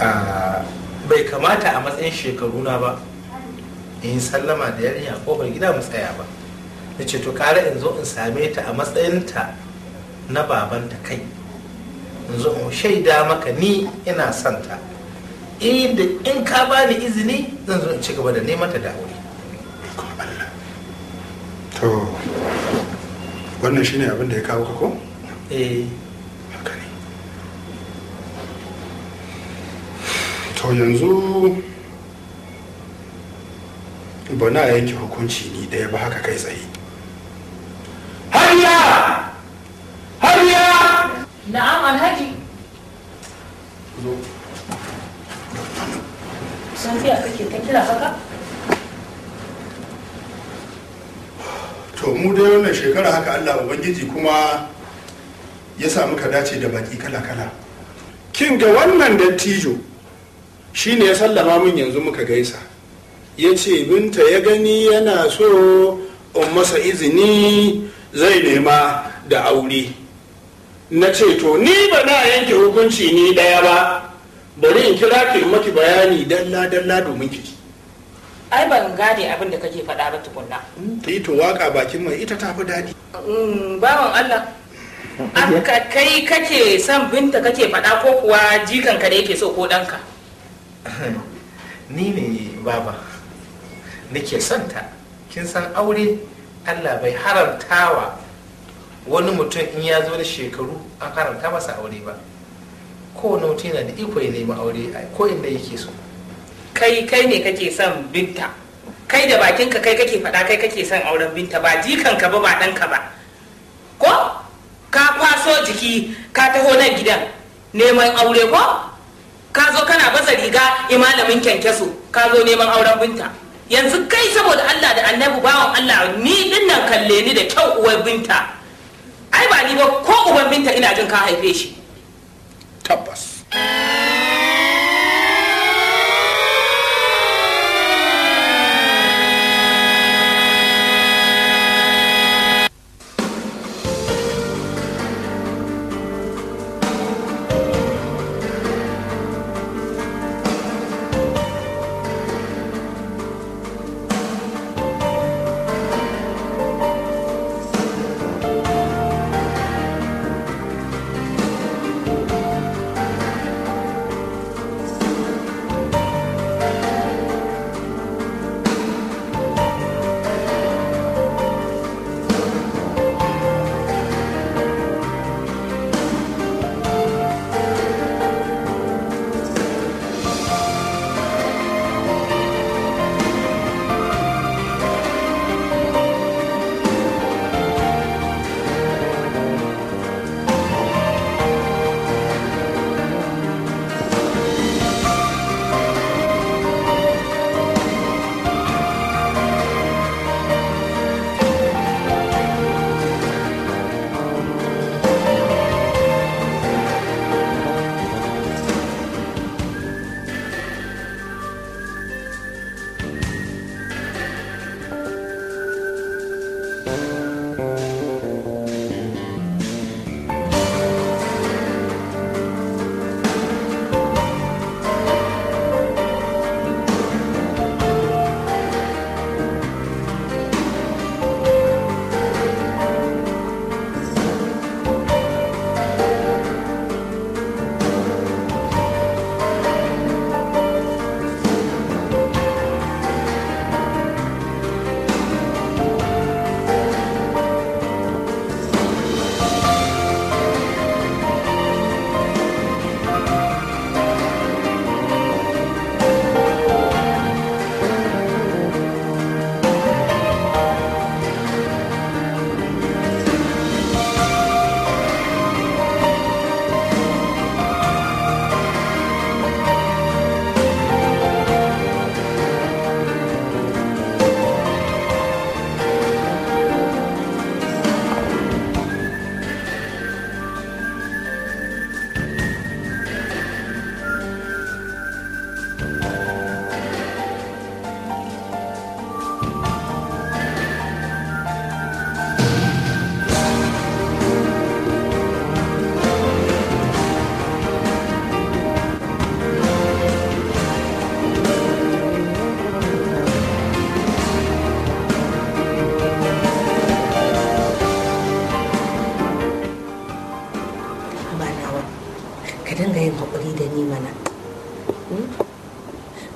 bai kamata a matsayin shekaru na ba in sallama da yarinya kofar gida mu tsaya ba na ce to kare in zo in same ta a matsayin ta na babanta kai in zo in shaida maka ni ina son ta in ka bani izini zan zo in ci gaba da neman ta da aure to wannan shine abin da ya kawo ka ko eh to yanzu ba na yanke hukunci ni daya ba haka kai tsaye hariya hariya na'am alhaji zo sanfiya kake ta kira haka to mu dai wannan shekara haka allah ubangiji kuma ya sa muka dace da baki kala-kala kin ga wannan dattijo shi ne ya sallama min yanzu muka gaisa ya ce binta ya gani yana so in masa izini zai nema da aure na ce to ni ba na yanke hukunci ni daya ba bari in kira ki maki bayani dalla dalla domin ki ai ban gane abin da kake faɗa ba tukunna yi to waka bakin mai ita tafi daɗi mm, bawan allah kai kake son binta kake faɗa ko kuwa jikanka da yake so ko ɗanka ni ne baba nake son ta kin san aure allah bai haramtawa wani mutum in ya zo da shekaru an haramta masa aure ba wani mutum yana da iko ya nemi aure ko inda yake so kai kai ne kake son binta kai da bakinka kai kake faɗa kai kake son auren binta ba jikanka ba ba ɗanka ba ko ka kwaso jiki ka taho nan gidan neman aure ko ka zo kana baza riga imalamin eh, kyankyaso ka zo neman auren binta yanzu kai saboda Allah da annabi bawan Allah ni din nan kalle ni da kyau uwar binta ai ba ni ba ko uban binta ina jin ka haife shi tabbas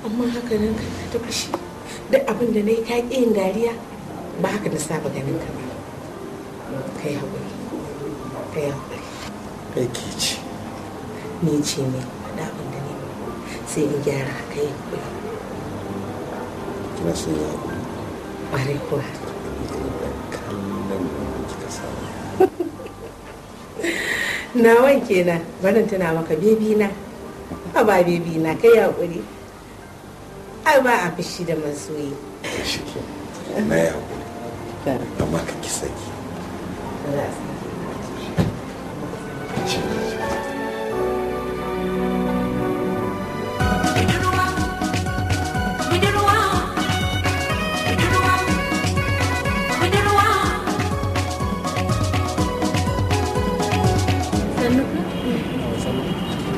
amma haka nan ka ta kushi duk abin da na yi ta yin dariya ba haka da saba ganin ka ba ka yi haƙuri ka yi haƙuri kai ke ce ni ce ne da abin da ne sai in gyara ka yi haƙuri kina sai yi haƙuri ƙwarai kuwa na wanke na barin tana maka bebi na a ba bebi na kai hakuri ai ba a fishi da masoyi na ya hakuri amma ka ki saki Thank you.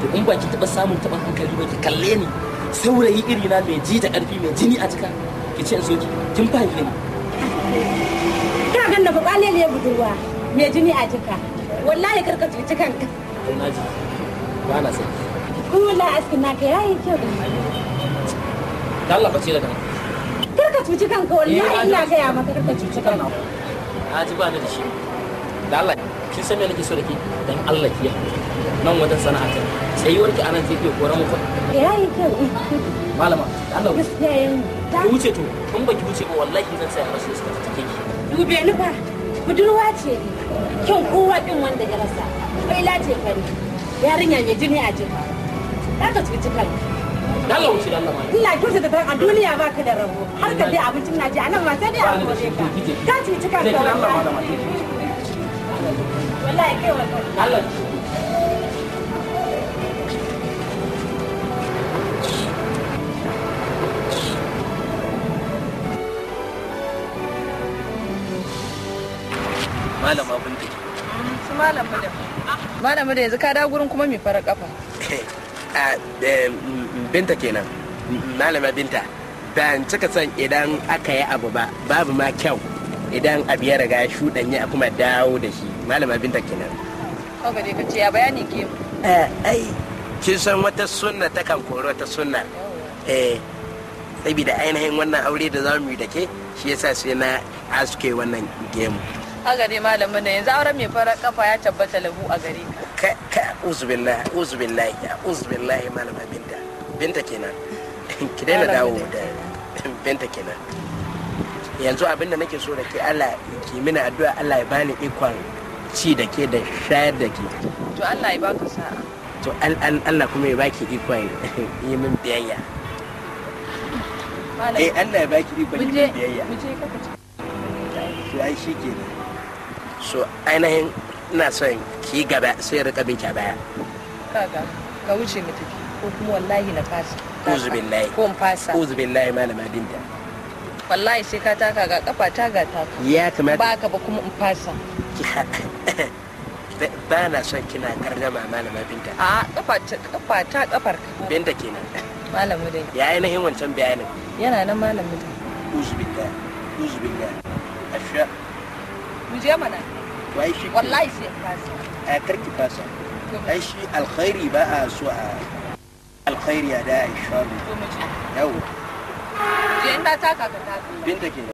to in baki taba samun taba hankali ba ki kalle ni saurayi iri na mai ji da karfi mai jini a jika ki ce so ki kin fahimce ni ka ga na ba lele budurwa mai jini a jika wallahi karka cuci kanka na ji ba na sai kula askin naka yayi kyau da dalla ba ce daga nan karka cuci kanka wallahi eh, ina ya maka karka cuci kanka na ji ba ni da shi da Allah kin san me nake so da ke dan Allah ki ya nan wata sana'a sai yi ki anan zai iya koran mu ya yi kyau eh. malama Allah gaskiya yin ta wuce to kun baki wuce ba wallahi zan tsaya rashin suka take ki dube ni fa budurwa ce ni kyan kowa ɗin wanda ya rasa kai lace fari yarinya mai jini a jika zaka cuci kanka Allah wuce Allah ma. Ina kyauta da a duniya ba ka da rabo. Har ka dai abincin na ji a nan ma sai dai a gode ka. Ka cuci ma. Wallahi kai wallahi. Allah malama binta su malam da malama da yanzu ka da gurin kuma mai fara kafa a binta kenan malama binta ban cika son idan aka yi abu ba babu ma kyau idan abu ya riga shuɗanye a kuma dawo da shi malama binta kenan kawai dai ka ce ya bayani ke mu eh, ai kin san wata sunna ta kan koro wata sunna eh sabida ainihin wannan aure da za mu yi da ke shi yasa sai na aske wannan gemu a gare malamin da yanzu auren mai farar kafa ya tabbata lahu a gare ka ka uzubillahi uzubillahi uzubillahi malama binta binta kenan ki daina dawo da binta kenan yanzu abinda nake so da ke Allah ki mini addu'a Allah ya bani ikon ci da ke da shayar da ke to Allah ya baka sa'a to Allah kuma ya baki ikon yi min biyayya eh Allah ya baki ikon yi min biyayya mu je ka ci to ai shi kenan so ainihin ina son ki gaba sai rika bin ki baya kaga ka wuce mu tafi ko kuma wallahi na fasa uzu ko in fasa uzu billahi malama binta wallahi sai ka taka ga kafa ta ga taka ya kamata ba ka ba kuma in fasa ba na son kina karnama malama binta a kafa ta kafa ta kafar binta kenan malamu dai ya ainihin wancan bayanin yana nan malamu dai uzu billahi uzu mu je mana wai shi wallahi shi a eh, karki ai shi alkhairi ba a so a alkhairi ya da a yau je inda ka binta ke